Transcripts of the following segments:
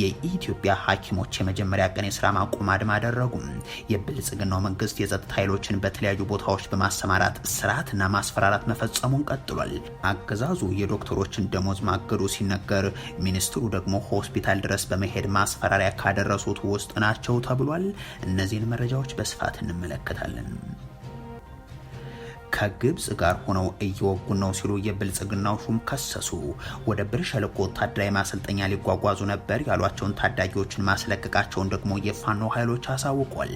የኢትዮጵያ ሐኪሞች የመጀመሪያ ቀን የስራ ማቆም አድማ አደረጉም። የብልጽግናው መንግስት የጸጥታ ኃይሎችን በተለያዩ ቦታዎች በማሰማራት ስርዓትና ማስፈራራት መፈጸሙን ቀጥሏል። አገዛዙ የዶክተሮችን ደሞዝ ማገዱ ሲነገር፣ ሚኒስትሩ ደግሞ ሆስፒታል ድረስ በመሄድ ማስፈራሪያ ካደረሱት ውስጥ ናቸው ተብሏል። እነዚህን መረጃዎች በስፋት እንመለከታለን። ከግብፅ ጋር ሆነው እየወጉን ነው ሲሉ የብልጽግናው ሹም ከሰሱ። ወደ ብር ሸለቆ ወታደራዊ ማሰልጠኛ ሊጓጓዙ ነበር ያሏቸውን ታዳጊዎችን ማስለቀቃቸውን ደግሞ የፋኖ ኃይሎች አሳውቋል።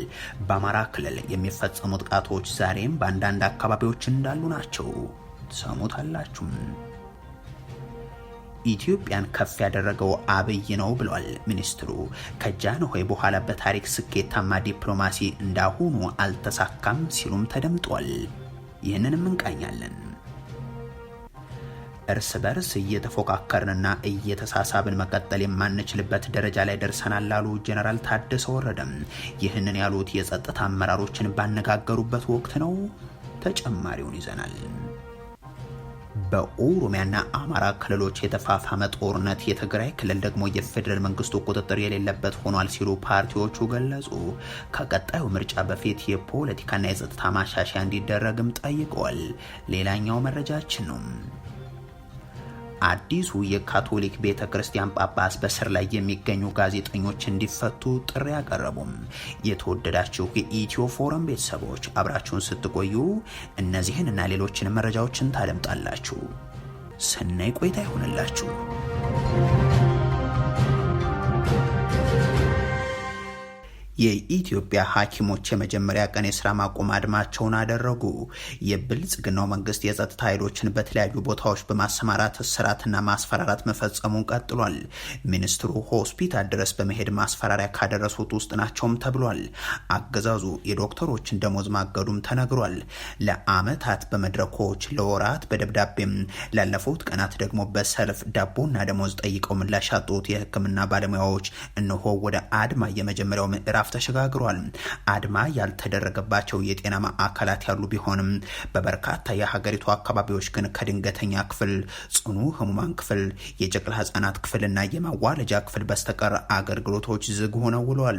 በአማራ ክልል የሚፈጸሙ ጥቃቶች ዛሬም በአንዳንድ አካባቢዎች እንዳሉ ናቸው። ሰሙታላችሁም። ኢትዮጵያን ከፍ ያደረገው አብይ ነው ብሏል ሚኒስትሩ። ከጃንሆይ በኋላ በታሪክ ስኬታማ ዲፕሎማሲ እንዳሁኑ አልተሳካም ሲሉም ተደምጧል። ይህንንም እንቃኛለን። እርስ በርስ እየተፎካከርንና እየተሳሳብን መቀጠል የማንችልበት ደረጃ ላይ ደርሰናል ላሉ ጀነራል ታደሰ ወረደም። ይህንን ያሉት የጸጥታ አመራሮችን ባነጋገሩበት ወቅት ነው። ተጨማሪውን ይዘናል። በኦሮሚያና አማራ ክልሎች የተፋፋመ ጦርነት፣ የትግራይ ክልል ደግሞ የፌዴራል መንግስቱ ቁጥጥር የሌለበት ሆኗል ሲሉ ፓርቲዎቹ ገለጹ። ከቀጣዩ ምርጫ በፊት የፖለቲካና የጸጥታ ማሻሻያ እንዲደረግም ጠይቀዋል። ሌላኛው መረጃችን ነው። አዲሱ የካቶሊክ ቤተ ክርስቲያን ጳጳስ በስር ላይ የሚገኙ ጋዜጠኞች እንዲፈቱ ጥሪ አቀረቡም። የተወደዳችሁ የኢትዮ ፎረም ቤተሰቦች አብራችሁን ስትቆዩ እነዚህን እና ሌሎችን መረጃዎችን ታደምጣላችሁ። ሰናይ ቆይታ ይሆንላችሁ። የኢትዮጵያ ሐኪሞች የመጀመሪያ ቀን የስራ ማቆም አድማቸውን አደረጉ። የብልጽግናው መንግስት የጸጥታ ኃይሎችን በተለያዩ ቦታዎች በማሰማራት እስራትና ማስፈራራት መፈጸሙን ቀጥሏል። ሚኒስትሩ ሆስፒታል ድረስ በመሄድ ማስፈራሪያ ካደረሱት ውስጥ ናቸውም ተብሏል። አገዛዙ የዶክተሮችን ደሞዝ ማገዱም ተነግሯል። ለአመታት በመድረኮች ለወራት በደብዳቤም ላለፉት ቀናት ደግሞ በሰልፍ ዳቦና ደሞዝ ጠይቀው ምላሽ ያጡት የህክምና ባለሙያዎች እነሆ ወደ አድማ የመጀመሪያው ምዕራፍ ምዕራፍ ተሸጋግሯል። አድማ ያልተደረገባቸው የጤና ማዕከላት ያሉ ቢሆንም በበርካታ የሀገሪቱ አካባቢዎች ግን ከድንገተኛ ክፍል፣ ጽኑ ህሙማን ክፍል፣ የጨቅላ ህጻናት ክፍልና የማዋለጃ ክፍል በስተቀር አገልግሎቶች ዝግ ሆነው ውለዋል።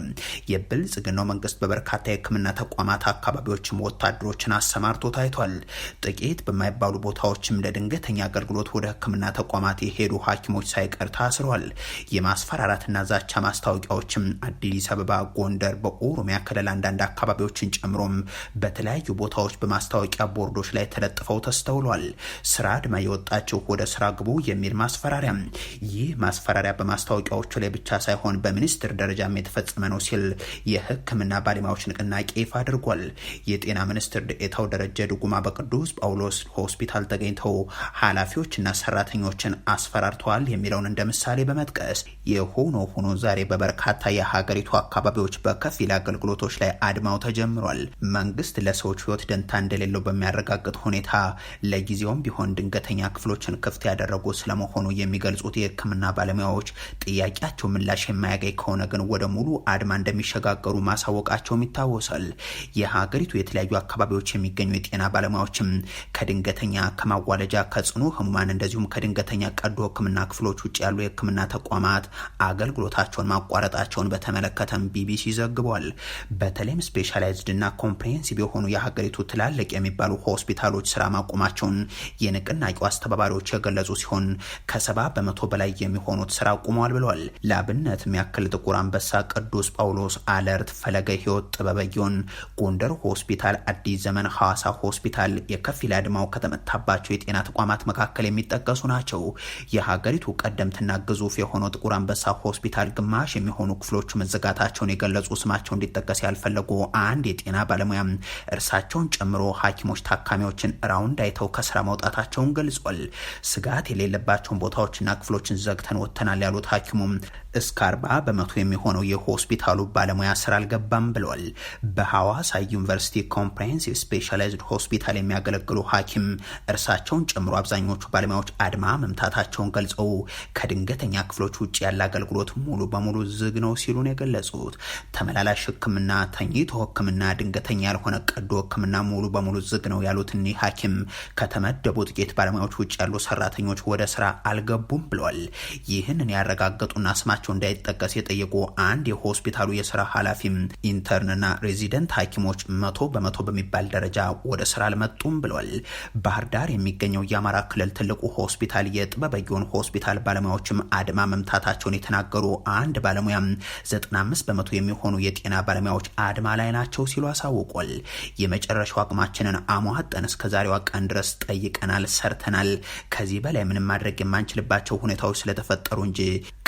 የብልጽግናው መንግስት በበርካታ የህክምና ተቋማት አካባቢዎችም ወታደሮችን አሰማርቶ ታይቷል። ጥቂት በማይባሉ ቦታዎችም ለድንገተኛ አገልግሎት ወደ ህክምና ተቋማት የሄዱ ሐኪሞች ሳይቀር ታስሯል። የማስፈራራትና ዛቻ ማስታወቂያዎችም አዲስ አበባ፣ ጎን በጎንደር በኦሮሚያ ክልል አንዳንድ አካባቢዎችን ጨምሮም በተለያዩ ቦታዎች በማስታወቂያ ቦርዶች ላይ ተለጥፈው ተስተውሏል። ስራ አድማ የወጣችሁ ወደ ስራ ግቡ የሚል ማስፈራሪያ። ይህ ማስፈራሪያ በማስታወቂያዎቹ ላይ ብቻ ሳይሆን በሚኒስትር ደረጃም የተፈጸመ ነው ሲል የሕክምና ባለሙያዎች ንቅናቄ ይፋ አድርጓል። የጤና ሚኒስትር ዴኤታው ደረጀ ድጉማ በቅዱስ ጳውሎስ ሆስፒታል ተገኝተው ኃላፊዎችና ሰራተኞችን አስፈራርተዋል የሚለውን እንደ ምሳሌ በመጥቀስ የሆኖ ሆኖ ዛሬ በበርካታ የሀገሪቱ አካባቢዎች በከፊል አገልግሎቶች ላይ አድማው ተጀምሯል። መንግስት ለሰዎች ህይወት ደንታ እንደሌለው በሚያረጋግጥ ሁኔታ ለጊዜውም ቢሆን ድንገተኛ ክፍሎችን ክፍት ያደረጉ ስለመሆኑ የሚገልጹት የህክምና ባለሙያዎች ጥያቄያቸው ምላሽ የማያገኝ ከሆነ ግን ወደ ሙሉ አድማ እንደሚሸጋገሩ ማሳወቃቸውም ይታወሳል። የሀገሪቱ የተለያዩ አካባቢዎች የሚገኙ የጤና ባለሙያዎችም ከድንገተኛ ከማዋለጃ፣ ከጽኑ ህሙማን እንደዚሁም ከድንገተኛ ቀዶ ህክምና ክፍሎች ውጭ ያሉ የህክምና ተቋማት አገልግሎታቸውን ማቋረጣቸውን በተመለከተም ቢቢሲ ዘግቧል። በተለይም ስፔሻላይዝድ እና ኮምፕሬሄንሲቭ የሆኑ የሀገሪቱ ትላልቅ የሚባሉ ሆስፒታሎች ስራ ማቆማቸውን የንቅናቄው አስተባባሪዎች የገለጹ ሲሆን ከሰባ በመቶ በላይ የሚሆኑት ስራ አቁመዋል ብለዋል። ለአብነት የሚያክል ጥቁር አንበሳ፣ ቅዱስ ጳውሎስ፣ አለርት፣ ፈለገ ህይወት፣ ጥበበጊዮን፣ ጎንደር ሆስፒታል፣ አዲስ ዘመን፣ ሐዋሳ ሆስፒታል የከፊል አድማው ከተመታባቸው የጤና ተቋማት መካከል የሚጠቀሱ ናቸው። የሀገሪቱ ቀደምትና ግዙፍ የሆነው ጥቁር አንበሳ ሆስፒታል ግማሽ የሚሆኑ ክፍሎቹ መዘጋታቸውን የገለጹ የገለጹ ስማቸው እንዲጠቀስ ያልፈለጉ አንድ የጤና ባለሙያ እርሳቸውን ጨምሮ ሐኪሞች ታካሚዎችን ራውንድ አይተው ከስራ መውጣታቸውን ገልጿል። ስጋት የሌለባቸውን ቦታዎችና ክፍሎችን ዘግተን ወጥተናል ያሉት ሐኪሙም እስከ 40 በመቶ የሚሆነው የሆስፒታሉ ባለሙያ ስራ አልገባም ብለዋል። በሐዋሳ ዩኒቨርሲቲ ኮምፕሬሄንሲቭ ስፔሻላይዝድ ሆስፒታል የሚያገለግሉ ሐኪም እርሳቸውን ጨምሮ አብዛኞቹ ባለሙያዎች አድማ መምታታቸውን ገልጸው ከድንገተኛ ክፍሎች ውጭ ያለ አገልግሎት ሙሉ በሙሉ ዝግ ነው ሲሉን የገለጹት ተመላላሽ ሕክምና፣ ተኝቶ ሕክምና፣ ድንገተኛ ያልሆነ ቀዶ ሕክምና ሙሉ በሙሉ ዝግ ነው ያሉት እኒህ ሐኪም ከተመደቡ ጥቂት ባለሙያዎች ውጭ ያሉ ሰራተኞች ወደ ስራ አልገቡም ብለዋል። ይህንን ያረጋገጡና ስማቸው ስማቸው እንዳይጠቀስ የጠየቁ አንድ የሆስፒታሉ የስራ ኃላፊም ኢንተርንና ሬዚደንት ሐኪሞች መቶ በመቶ በሚባል ደረጃ ወደ ስራ አልመጡም ብሏል። ባህር ዳር የሚገኘው የአማራ ክልል ትልቁ ሆስፒታል የጥበበጊዮን ሆስፒታል ባለሙያዎችም አድማ መምታታቸውን የተናገሩ አንድ ባለሙያ 95 በመቶ የሚሆኑ የጤና ባለሙያዎች አድማ ላይ ናቸው ሲሉ አሳውቋል። የመጨረሻው አቅማችንን አሟጠን እስከ ዛሬዋ ቀን ድረስ ጠይቀናል፣ ሰርተናል። ከዚህ በላይ ምንም ማድረግ የማንችልባቸው ሁኔታዎች ስለተፈጠሩ እንጂ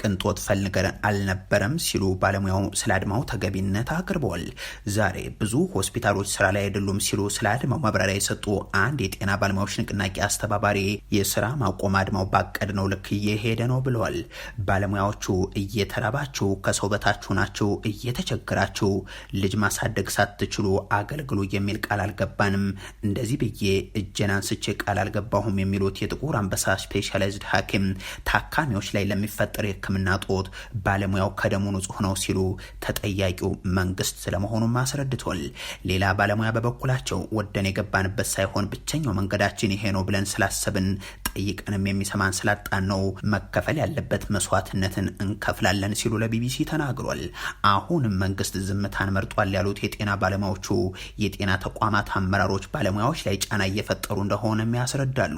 ቅንጦት ፈልገን አልነበረም ሲሉ ባለሙያው ስለ አድማው ተገቢነት አቅርበዋል። ዛሬ ብዙ ሆስፒታሎች ስራ ላይ አይደሉም ሲሉ ስለ አድማው ማብራሪያ የሰጡ አንድ የጤና ባለሙያዎች ንቅናቄ አስተባባሪ የስራ ማቆም አድማው ባቀድነው ልክ እየሄደ ነው ብለዋል። ባለሙያዎቹ እየተራባችሁ ከሰው በታችሁ ናችሁ፣ እየተቸገራችሁ ልጅ ማሳደግ ሳትችሉ አገልግሉ የሚል ቃል አልገባንም። እንደዚህ ብዬ እጄን አንስቼ ቃል አልገባሁም የሚሉት የጥቁር አንበሳ ስፔሻላይዝድ ሐኪም ታካሚዎች ላይ ለሚፈጠር የህክምና ጦት ባለሙያው ከደሙ ንጹህ ነው ሲሉ ተጠያቂው መንግስት ስለመሆኑም አስረድቷል። ሌላ ባለሙያ በበኩላቸው ወደን የገባንበት ሳይሆን ብቸኛው መንገዳችን ይሄ ነው ብለን ስላሰብን ጠይቀንም የሚሰማን ስላጣን ነው መከፈል ያለበት መስዋዕትነትን እንከፍላለን ሲሉ ለቢቢሲ ተናግሯል። አሁንም መንግስት ዝምታን መርጧል ያሉት የጤና ባለሙያዎቹ የጤና ተቋማት አመራሮች ባለሙያዎች ላይ ጫና እየፈጠሩ እንደሆነም ያስረዳሉ።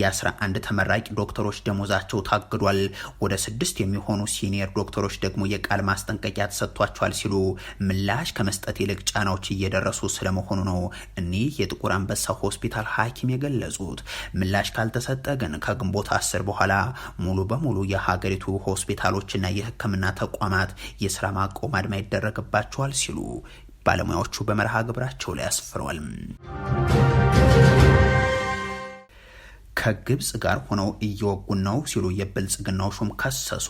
የአስራ አንድ ተመራቂ ዶክተሮች ደሞዛቸው ታግዷል፣ ወደ ስድስት የሚሆኑ ሲኒየር ዶክተሮች ደግሞ የቃል ማስጠንቀቂያ ተሰጥቷቸዋል ሲሉ ምላሽ ከመስጠት ይልቅ ጫናዎች እየደረሱ ስለመሆኑ ነው እኒህ የጥቁር አንበሳ ሆስፒታል ሐኪም የገለጹት ምላሽ ካልተሰጠ ከተሰጠ ግን ከግንቦት አስር በኋላ ሙሉ በሙሉ የሀገሪቱ ሆስፒታሎችና የሕክምና ተቋማት የስራ ማቆም አድማ ይደረግባቸዋል ሲሉ ባለሙያዎቹ በመርሃ ግብራቸው ላይ አስፍረዋል። ከግብጽ ጋር ሆነው እየወጉ ነው ሲሉ የብልጽግናው ሹም ከሰሱ።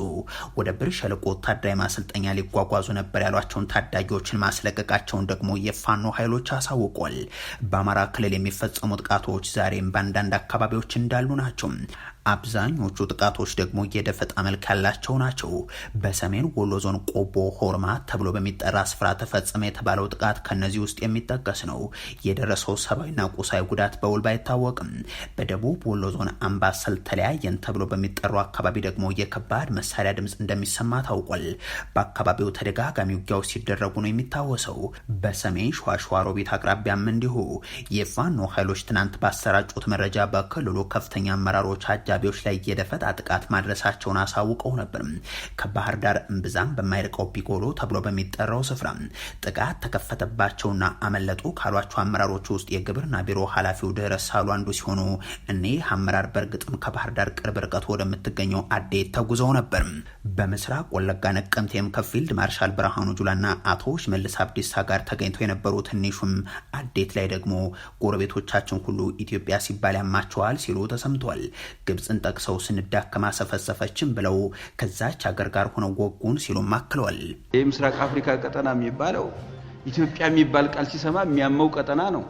ወደ ብር ሸለቆ ወታደራዊ ማሰልጠኛ ሊጓጓዙ ነበር ያሏቸውን ታዳጊዎችን ማስለቀቃቸውን ደግሞ የፋኖ ኃይሎች አሳውቋል። በአማራ ክልል የሚፈጸሙ ጥቃቶች ዛሬም በአንዳንድ አካባቢዎች እንዳሉ ናቸው። አብዛኞቹ ጥቃቶች ደግሞ የደፈጣ መልክ ያላቸው ናቸው። በሰሜን ወሎ ዞን ቆቦ ሆርማ ተብሎ በሚጠራ ስፍራ ተፈጸመ የተባለው ጥቃት ከነዚህ ውስጥ የሚጠቀስ ነው። የደረሰው ሰብአዊና ቁሳዊ ጉዳት በውል ባይታወቅም በደቡብ በወሎ ዞን አምባሰል ተለያየን ተብሎ በሚጠራው አካባቢ ደግሞ የከባድ መሳሪያ ድምፅ እንደሚሰማ ታውቋል። በአካባቢው ተደጋጋሚ ውጊያዎች ሲደረጉ ነው የሚታወሰው። በሰሜን ሸዋሸዋሮ ቤት አቅራቢያም እንዲሁ የፋኖ ኃይሎች ትናንት ባሰራጩት መረጃ በክልሉ ከፍተኛ አመራሮች፣ አጃቢዎች ላይ የደፈጣ ጥቃት ማድረሳቸውን አሳውቀው ነበር። ከባህር ዳር እምብዛም በማይርቀው ቢጎሎ ተብሎ በሚጠራው ስፍራ ጥቃት ተከፈተባቸውና አመለጡ ካሏቸው አመራሮች ውስጥ የግብርና ቢሮ ኃላፊው ድረስ ሳሉ አንዱ ሲሆኑ እኔ ይህ አመራር በእርግጥም ከባህር ዳር ቅርብ ርቀት ወደምትገኘው አዴት ተጉዘው ነበር። በምስራቅ ወለጋ ነቀምቴም ከፊልድ ማርሻል ብርሃኑ ጁላና አቶ ሽመልስ አብዲሳ ጋር ተገኝተው የነበሩ ትንሹም አዴት ላይ ደግሞ ጎረቤቶቻችን ሁሉ ኢትዮጵያ ሲባል ያማቸዋል ሲሉ ተሰምቷል። ግብፅን ጠቅሰው ስንዳከማ ሰፈሰፈችን ብለው ከዛች አገር ጋር ሆነው ወጉን ሲሉም አክለዋል። ይህ ምስራቅ አፍሪካ ቀጠና የሚባለው ኢትዮጵያ የሚባል ቃል ሲሰማ የሚያመው ቀጠና ነው።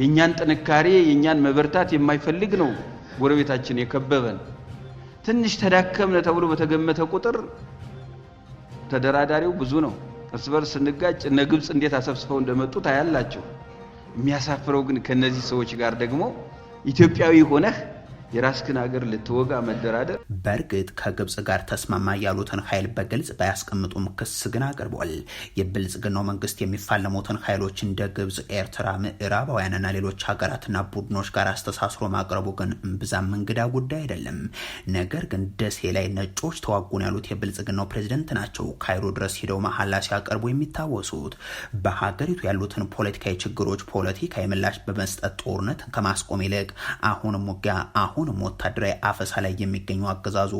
የእኛን ጥንካሬ የእኛን መበርታት የማይፈልግ ነው ጎረቤታችን የከበበን። ትንሽ ተዳከምነ ተብሎ በተገመተ ቁጥር ተደራዳሪው ብዙ ነው። እርስ በርስ ስንጋጭ እነ ግብፅ እንዴት አሰብስበው እንደመጡ ታያላችሁ። የሚያሳፍረው ግን ከነዚህ ሰዎች ጋር ደግሞ ኢትዮጵያዊ ሆነህ የራስክን ሀገር ልትወጋ መደራደር። በእርግጥ ከግብጽ ጋር ተስማማ ያሉትን ኃይል በግልጽ ባያስቀምጡም ክስ ግን አቅርቧል። የብልጽግናው መንግስት የሚፋለሙትን ኃይሎች እንደ ግብጽ፣ ኤርትራ፣ ምዕራባውያንና ሌሎች ሀገራትና ቡድኖች ጋር አስተሳስሮ ማቅረቡ ግን እምብዛም እንግዳ ጉዳይ አይደለም። ነገር ግን ደሴ ላይ ነጮች ተዋጉን ያሉት የብልጽግናው ፕሬዝደንት ናቸው ካይሮ ድረስ ሂደው መሀላ ሲያቀርቡ የሚታወሱት በሀገሪቱ ያሉትን ፖለቲካዊ ችግሮች ፖለቲካዊ ምላሽ በመስጠት ጦርነት ከማስቆም ይልቅ አሁንም ውጊያ አሁንም ወታደራዊ አፈሳ ላይ የሚገኙ አገዛዙ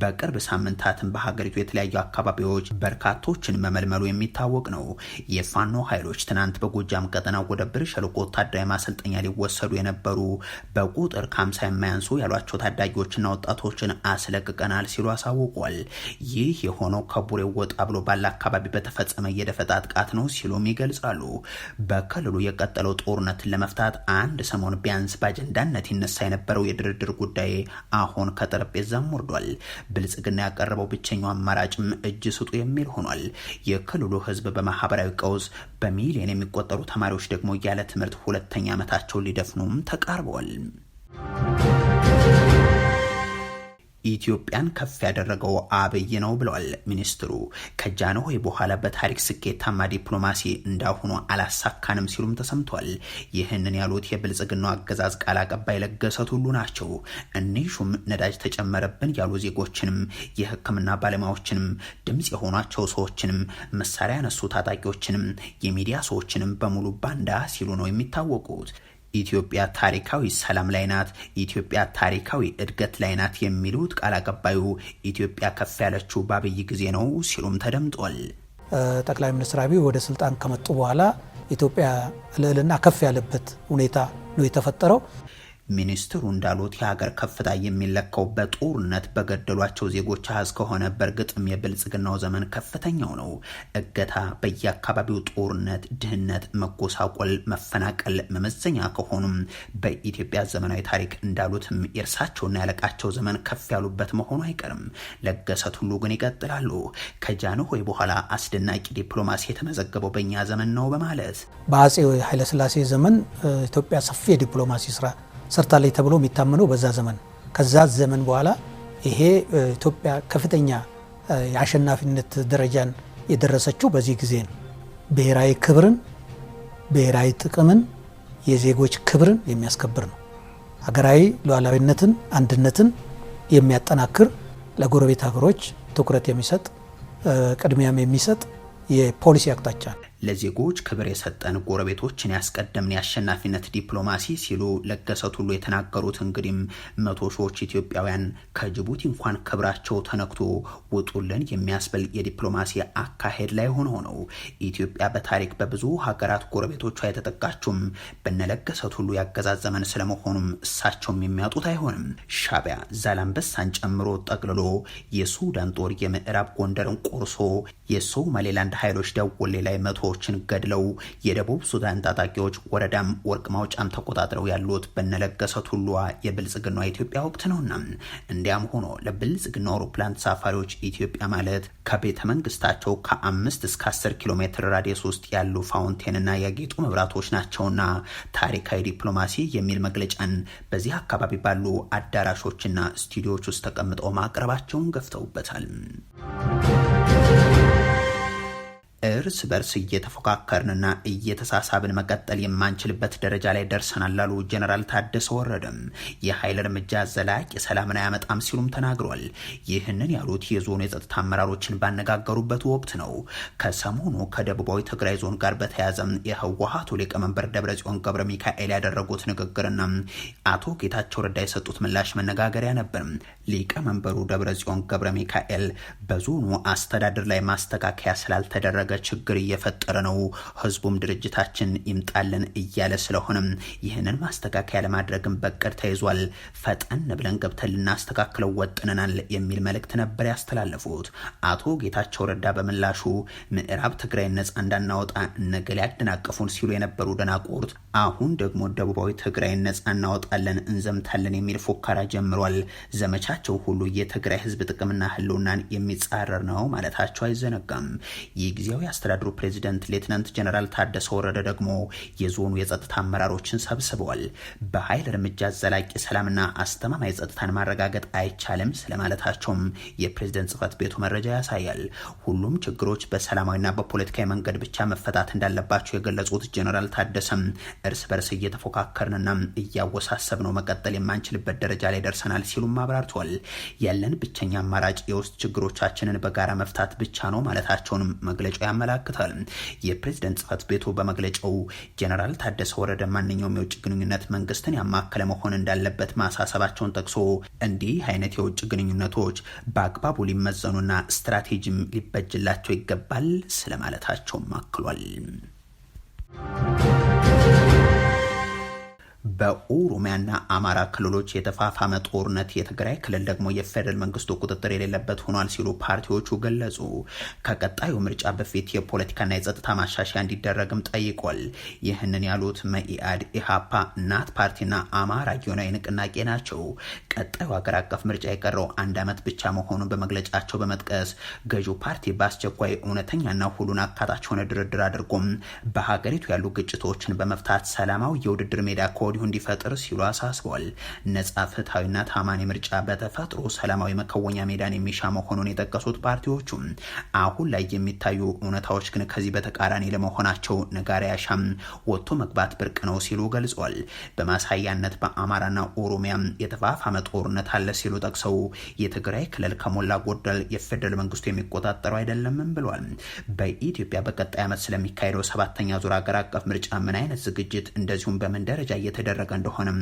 በቅርብ ሳምንታትን በሀገሪቱ የተለያዩ አካባቢዎች በርካቶችን መመልመሉ የሚታወቅ ነው። የፋኖ ኃይሎች ትናንት በጎጃም ቀጠና ወደ ብር ሸለቆ ወታደራዊ ማሰልጠኛ ሊወሰዱ የነበሩ በቁጥር ከአምሳ የማያንሱ ያሏቸው ታዳጊዎችና ወጣቶችን አስለቅቀናል ሲሉ አሳውቋል። ይህ የሆነው ከቡሬ ወጣ ብሎ ባለ አካባቢ በተፈጸመ የደፈጣ ጥቃት ነው ሲሉም ይገልጻሉ። በክልሉ የቀጠለው ጦርነትን ለመፍታት አንድ ሰሞን ቢያንስ በአጀንዳነት ይነሳ የነበረው የድር የድርድር ጉዳይ አሁን ከጠረጴዛም ወርዷል። ብልጽግና ያቀረበው ብቸኛው አማራጭም እጅ ስጡ የሚል ሆኗል። የክልሉ ህዝብ በማህበራዊ ቀውስ በሚሊዮን የሚቆጠሩ ተማሪዎች ደግሞ ያለ ትምህርት ሁለተኛ ዓመታቸውን ሊደፍኑም ተቃርበዋል። ኢትዮጵያን ከፍ ያደረገው አብይ ነው ብለዋል ሚኒስትሩ። ከጃንሆይ በኋላ በታሪክ ስኬታማ ዲፕሎማሲ እንዳሁኑ አላሳካንም ሲሉም ተሰምቷል። ይህንን ያሉት የብልጽግናው አገዛዝ ቃል አቀባይ ለገሰ ቱሉ ናቸው። እኒህ ሹም ነዳጅ ተጨመረብን ያሉ ዜጎችንም የሕክምና ባለሙያዎችንም ድምፅ የሆኗቸው ሰዎችንም መሳሪያ ያነሱ ታጣቂዎችንም የሚዲያ ሰዎችንም በሙሉ ባንዳ ሲሉ ነው የሚታወቁት። ኢትዮጵያ ታሪካዊ ሰላም ላይ ናት፣ ኢትዮጵያ ታሪካዊ እድገት ላይ ናት የሚሉት ቃል አቀባዩ ኢትዮጵያ ከፍ ያለችው በአብይ ጊዜ ነው ሲሉም ተደምጧል። ጠቅላይ ሚኒስትር አብይ ወደ ስልጣን ከመጡ በኋላ ኢትዮጵያ ልዕልና ከፍ ያለበት ሁኔታ ነው የተፈጠረው። ሚኒስትሩ እንዳሉት የሀገር ከፍታ የሚለካው በጦርነት በገደሏቸው ዜጎች አሃዝ ከሆነ በእርግጥም የብልጽግናው ዘመን ከፍተኛው ነው። እገታ፣ በየአካባቢው ጦርነት፣ ድህነት፣ መጎሳቆል፣ መፈናቀል መመዘኛ ከሆኑም በኢትዮጵያ ዘመናዊ ታሪክ እንዳሉትም የእርሳቸውና ያለቃቸው ዘመን ከፍ ያሉበት መሆኑ አይቀርም። ለገሰት ሁሉ ግን ይቀጥላሉ። ከጃንሆይ በኋላ አስደናቂ ዲፕሎማሲ የተመዘገበው በእኛ ዘመን ነው በማለት በአጼ ኃይለስላሴ ዘመን ኢትዮጵያ ሰፊ የዲፕሎማሲ ስራ ሰርታለች ተብሎ የሚታመነው በዛ ዘመን ከዛ ዘመን በኋላ ይሄ ኢትዮጵያ ከፍተኛ የአሸናፊነት ደረጃን የደረሰችው በዚህ ጊዜ ነው። ብሔራዊ ክብርን፣ ብሔራዊ ጥቅምን፣ የዜጎች ክብርን የሚያስከብር ነው። ሀገራዊ ሉዓላዊነትን፣ አንድነትን የሚያጠናክር ለጎረቤት ሀገሮች ትኩረት የሚሰጥ ቅድሚያም የሚሰጥ የፖሊሲ አቅጣጫ ነው። ለዜጎች ክብር የሰጠን ጎረቤቶችን ያስቀደምን የአሸናፊነት ዲፕሎማሲ ሲሉ ለገሰት ሁሉ የተናገሩት እንግዲህም መቶ ሺዎች ኢትዮጵያውያን ከጅቡቲ እንኳን ክብራቸው ተነክቶ ውጡልን የሚያስብል የዲፕሎማሲ አካሄድ ላይ ሆኖ ነው። ኢትዮጵያ በታሪክ በብዙ ሀገራት ጎረቤቶቿ የተጠቃችውም በነለገሰት ሁሉ ያገዛዘመን ስለመሆኑም እሳቸውም የሚያጡት አይሆንም። ሻቢያ ዛላምበሳን ጨምሮ ጠቅልሎ የሱዳን ጦር የምዕራብ ጎንደርን ቆርሶ የሶማሌላንድ ኃይሎች ደወሌ ላይ መቶ ሰዎችን ገድለው የደቡብ ሱዳን ታጣቂዎች ወረዳም ወርቅ ማውጫም ተቆጣጥረው ያሉት በነለገሰት ሁሏ የብልጽግና ኢትዮጵያ ወቅት ነውና እንዲያም ሆኖ ለብልጽግና አውሮፕላን ተሳፋሪዎች ኢትዮጵያ ማለት ከቤተ መንግስታቸው ከአምስት እስከ አስር ኪሎ ሜትር ራዲየስ ውስጥ ያሉ ፋውንቴንና ያጌጡ መብራቶች ናቸውና ታሪካዊ ዲፕሎማሲ የሚል መግለጫን በዚህ አካባቢ ባሉ አዳራሾችና ስቱዲዮዎች ውስጥ ተቀምጠው ማቅረባቸውን ገፍተውበታል። እርስ በርስ እየተፎካከርንና እየተሳሳብን መቀጠል የማንችልበት ደረጃ ላይ ደርሰናል ላሉ ጀነራል ታደሰ ወረደም የኃይል እርምጃ ዘላቂ ሰላምን አያመጣም ሲሉም ተናግሯል። ይህንን ያሉት የዞኑ የጸጥታ አመራሮችን ባነጋገሩበት ወቅት ነው። ከሰሞኑ ከደቡባዊ ትግራይ ዞን ጋር በተያያዘም የህወሀቱ ሊቀመንበር ደብረጽዮን ገብረ ሚካኤል ያደረጉት ንግግርና አቶ ጌታቸው ረዳ የሰጡት ምላሽ መነጋገሪያ ነበር። ሊቀመንበሩ ደብረጽዮን ገብረ ሚካኤል በዞኑ አስተዳደር ላይ ማስተካከያ ስላልተደረገ እያደረገ ችግር እየፈጠረ ነው። ህዝቡም ድርጅታችን ይምጣልን እያለ ስለሆነም ይህንን ማስተካከያ ለማድረግም በቅድ ተይዟል። ፈጠን ብለን ገብተን ልናስተካክለው ወጥነናል የሚል መልእክት ነበር ያስተላለፉት። አቶ ጌታቸው ረዳ በምላሹ ምዕራብ ትግራይ ነጻ እንዳናወጣ ነገ ሊያደናቀፉን ሲሉ የነበሩ ደናቁርት አሁን ደግሞ ደቡባዊ ትግራይ ነጻ እናወጣለን እንዘምታለን የሚል ፎካራ ጀምሯል። ዘመቻቸው ሁሉ የትግራይ ህዝብ ጥቅምና ህልውናን የሚጻረር ነው ማለታቸው አይዘነጋም። ይህ የጊዜያዊ አስተዳድሩ ፕሬዚደንት ሌትናንት ጀነራል ታደሰ ወረደ ደግሞ የዞኑ የጸጥታ አመራሮችን ሰብስበዋል። በኃይል እርምጃ ዘላቂ ሰላምና አስተማማኝ ጸጥታን ማረጋገጥ አይቻልም ስለማለታቸውም የፕሬዚደንት ጽህፈት ቤቱ መረጃ ያሳያል። ሁሉም ችግሮች በሰላማዊና በፖለቲካዊ መንገድ ብቻ መፈታት እንዳለባቸው የገለጹት ጀነራል ታደሰም እርስ በርስ እየተፎካከርንና እያወሳሰብ ነው መቀጠል የማንችልበት ደረጃ ላይ ደርሰናል ሲሉም አብራርተዋል። ያለን ብቸኛ አማራጭ የውስጥ ችግሮቻችንን በጋራ መፍታት ብቻ ነው ማለታቸውንም መግለጫ ያመላክታል። የፕሬዝደንት ጽህፈት ቤቱ በመግለጫው ጀነራል ታደሰ ወረደ ማንኛውም የውጭ ግንኙነት መንግስትን ያማከለ መሆን እንዳለበት ማሳሰባቸውን ጠቅሶ እንዲህ አይነት የውጭ ግንኙነቶች በአግባቡ ሊመዘኑና ስትራቴጂም ሊበጅላቸው ይገባል ስለማለታቸውም አክሏል። በኦሮሚያና አማራ ክልሎች የተፋፋመ ጦርነት የትግራይ ክልል ደግሞ የፌደራል መንግስቱ ቁጥጥር የሌለበት ሆኗል ሲሉ ፓርቲዎቹ ገለጹ። ከቀጣዩ ምርጫ በፊት የፖለቲካና የጸጥታ ማሻሻያ እንዲደረግም ጠይቋል። ይህንን ያሉት መኢአድ፣ ኢሃፓ፣ እናት ፓርቲና አማራ ጊዮናዊ ንቅናቄ ናቸው። ቀጣዩ ሀገር አቀፍ ምርጫ የቀረው አንድ ዓመት ብቻ መሆኑን በመግለጫቸው በመጥቀስ ገዢው ፓርቲ በአስቸኳይ እውነተኛና ሁሉን አካታች የሆነ ድርድር አድርጎም በሀገሪቱ ያሉ ግጭቶችን በመፍታት ሰላማዊ የውድድር ሜዳ ከ ከወዲሁ እንዲፈጥር ሲሉ አሳስበዋል። ነጻ ፍትሐዊና ታማኒ ምርጫ በተፈጥሮ ሰላማዊ መከወኛ ሜዳን የሚሻ መሆኑን የጠቀሱት ፓርቲዎቹም አሁን ላይ የሚታዩ እውነታዎች ግን ከዚህ በተቃራኒ ለመሆናቸው ነጋሪ አሻም ወጥቶ መግባት ብርቅ ነው ሲሉ ገልጿል። በማሳያነት በአማራና ኦሮሚያ የተፋፋመ ጦርነት አለ ሲሉ ጠቅሰው የትግራይ ክልል ከሞላ ጎደል የፌደራል መንግስቱ የሚቆጣጠረው አይደለምም ብሏል። በኢትዮጵያ በቀጣይ ዓመት ስለሚካሄደው ሰባተኛ ዙር ሀገር አቀፍ ምርጫ ምን አይነት ዝግጅት እንደዚሁም በምን ደረጃ እየተ እየተደረገ እንደሆነም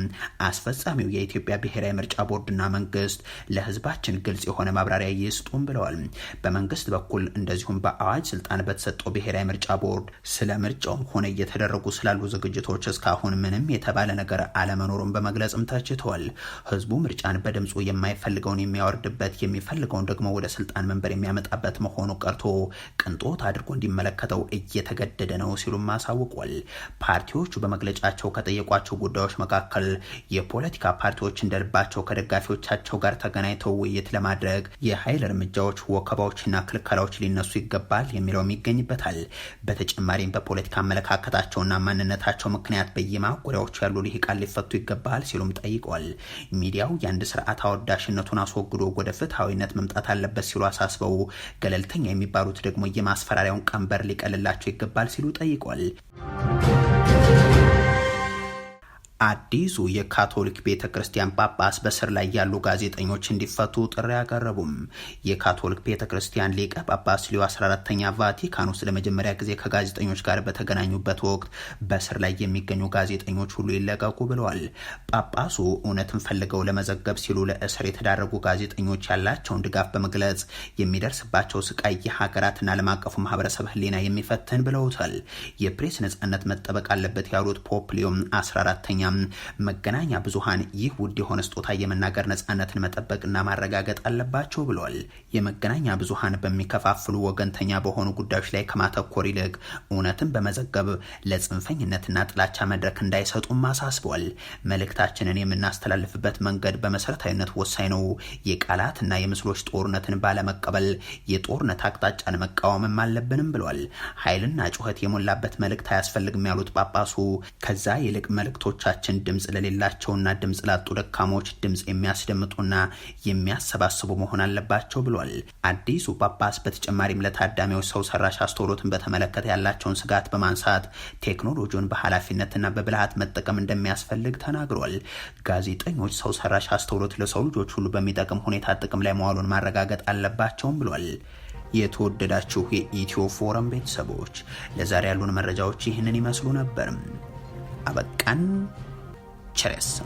አስፈጻሚው የኢትዮጵያ ብሔራዊ ምርጫ ቦርድና መንግስት ለህዝባችን ግልጽ የሆነ ማብራሪያ ይስጡም ብለዋል። በመንግስት በኩል እንደዚሁም በአዋጅ ስልጣን በተሰጠው ብሔራዊ ምርጫ ቦርድ ስለ ምርጫውም ሆነ እየተደረጉ ስላሉ ዝግጅቶች እስካሁን ምንም የተባለ ነገር አለመኖሩን በመግለጽም ተችተዋል። ህዝቡ ምርጫን በድምፁ የማይፈልገውን የሚያወርድበት የሚፈልገውን ደግሞ ወደ ስልጣን መንበር የሚያመጣበት መሆኑ ቀርቶ ቅንጦት አድርጎ እንዲመለከተው እየተገደደ ነው ሲሉም አሳውቋል። ፓርቲዎቹ በመግለጫቸው ከጠየቋቸው ጉዳዮች መካከል የፖለቲካ ፓርቲዎች እንደልባቸው ከደጋፊዎቻቸው ጋር ተገናኝተው ውይይት ለማድረግ የኃይል እርምጃዎች፣ ወከባዎችና ክልከላዎች ሊነሱ ይገባል የሚለውም ይገኝበታል። በተጨማሪም በፖለቲካ አመለካከታቸውና ማንነታቸው ምክንያት በየማጎሪያዎቹ ያሉ ልሂቃን ሊፈቱ ይገባል ሲሉም ጠይቋል። ሚዲያው የአንድ ስርዓት አወዳሽነቱን አስወግዶ ወደ ፍትሐዊነት መምጣት አለበት ሲሉ አሳስበው፣ ገለልተኛ የሚባሉት ደግሞ የማስፈራሪያውን ቀንበር ሊቀልላቸው ይገባል ሲሉ ጠይቋል። አዲሱ የካቶሊክ ቤተ ክርስቲያን ጳጳስ በስር ላይ ያሉ ጋዜጠኞች እንዲፈቱ ጥሪ አቀረቡም። የካቶሊክ ቤተ ክርስቲያን ሊቀ ጳጳስ ሊዮ 14ተኛ ቫቲካን ውስጥ ለመጀመሪያ ጊዜ ከጋዜጠኞች ጋር በተገናኙበት ወቅት በስር ላይ የሚገኙ ጋዜጠኞች ሁሉ ይለቀቁ ብለዋል። ጳጳሱ እውነትን ፈልገው ለመዘገብ ሲሉ ለእስር የተዳረጉ ጋዜጠኞች ያላቸውን ድጋፍ በመግለጽ የሚደርስባቸው ስቃይ የሀገራትና ዓለም አቀፉ ማህበረሰብ ህሊና የሚፈትን ብለውታል። የፕሬስ ነጻነት መጠበቅ አለበት ያሉት ፖፕ ሊዮም 14ተኛ መገናኛ ብዙሃን ይህ ውድ የሆነ ስጦታ የመናገር ነጻነትን መጠበቅና ማረጋገጥ አለባቸው ብሏል። የመገናኛ ብዙሃን በሚከፋፍሉ ወገንተኛ በሆኑ ጉዳዮች ላይ ከማተኮር ይልቅ እውነትን በመዘገብ ለጽንፈኝነትና ጥላቻ መድረክ እንዳይሰጡም አሳስቧል። መልእክታችንን የምናስተላልፍበት መንገድ በመሰረታዊነት ወሳኝ ነው። የቃላትና የምስሎች ጦርነትን ባለመቀበል የጦርነት አቅጣጫን መቃወምም አለብንም ብሏል። ኃይልና ጩኸት የሞላበት መልእክት አያስፈልግም ያሉት ጳጳሱ ከዛ ይልቅ መልእክቶቻ በሀገራችን ድምፅ ለሌላቸውና ድምፅ ላጡ ደካሞች ድምፅ የሚያስደምጡና የሚያሰባስቡ መሆን አለባቸው ብሏል። አዲሱ ጳጳስ በተጨማሪም ለታዳሚዎች ሰው ሰራሽ አስተውሎትን በተመለከተ ያላቸውን ስጋት በማንሳት ቴክኖሎጂውን በኃላፊነትና በብልሃት መጠቀም እንደሚያስፈልግ ተናግሯል። ጋዜጠኞች ሰው ሰራሽ አስተውሎት ለሰው ልጆች ሁሉ በሚጠቅም ሁኔታ ጥቅም ላይ መዋሉን ማረጋገጥ አለባቸውም ብሏል። የተወደዳችሁ የኢትዮ ፎረም ቤተሰቦች ለዛሬ ያሉን መረጃዎች ይህንን ይመስሉ ነበርም። አበቃን። Cheres.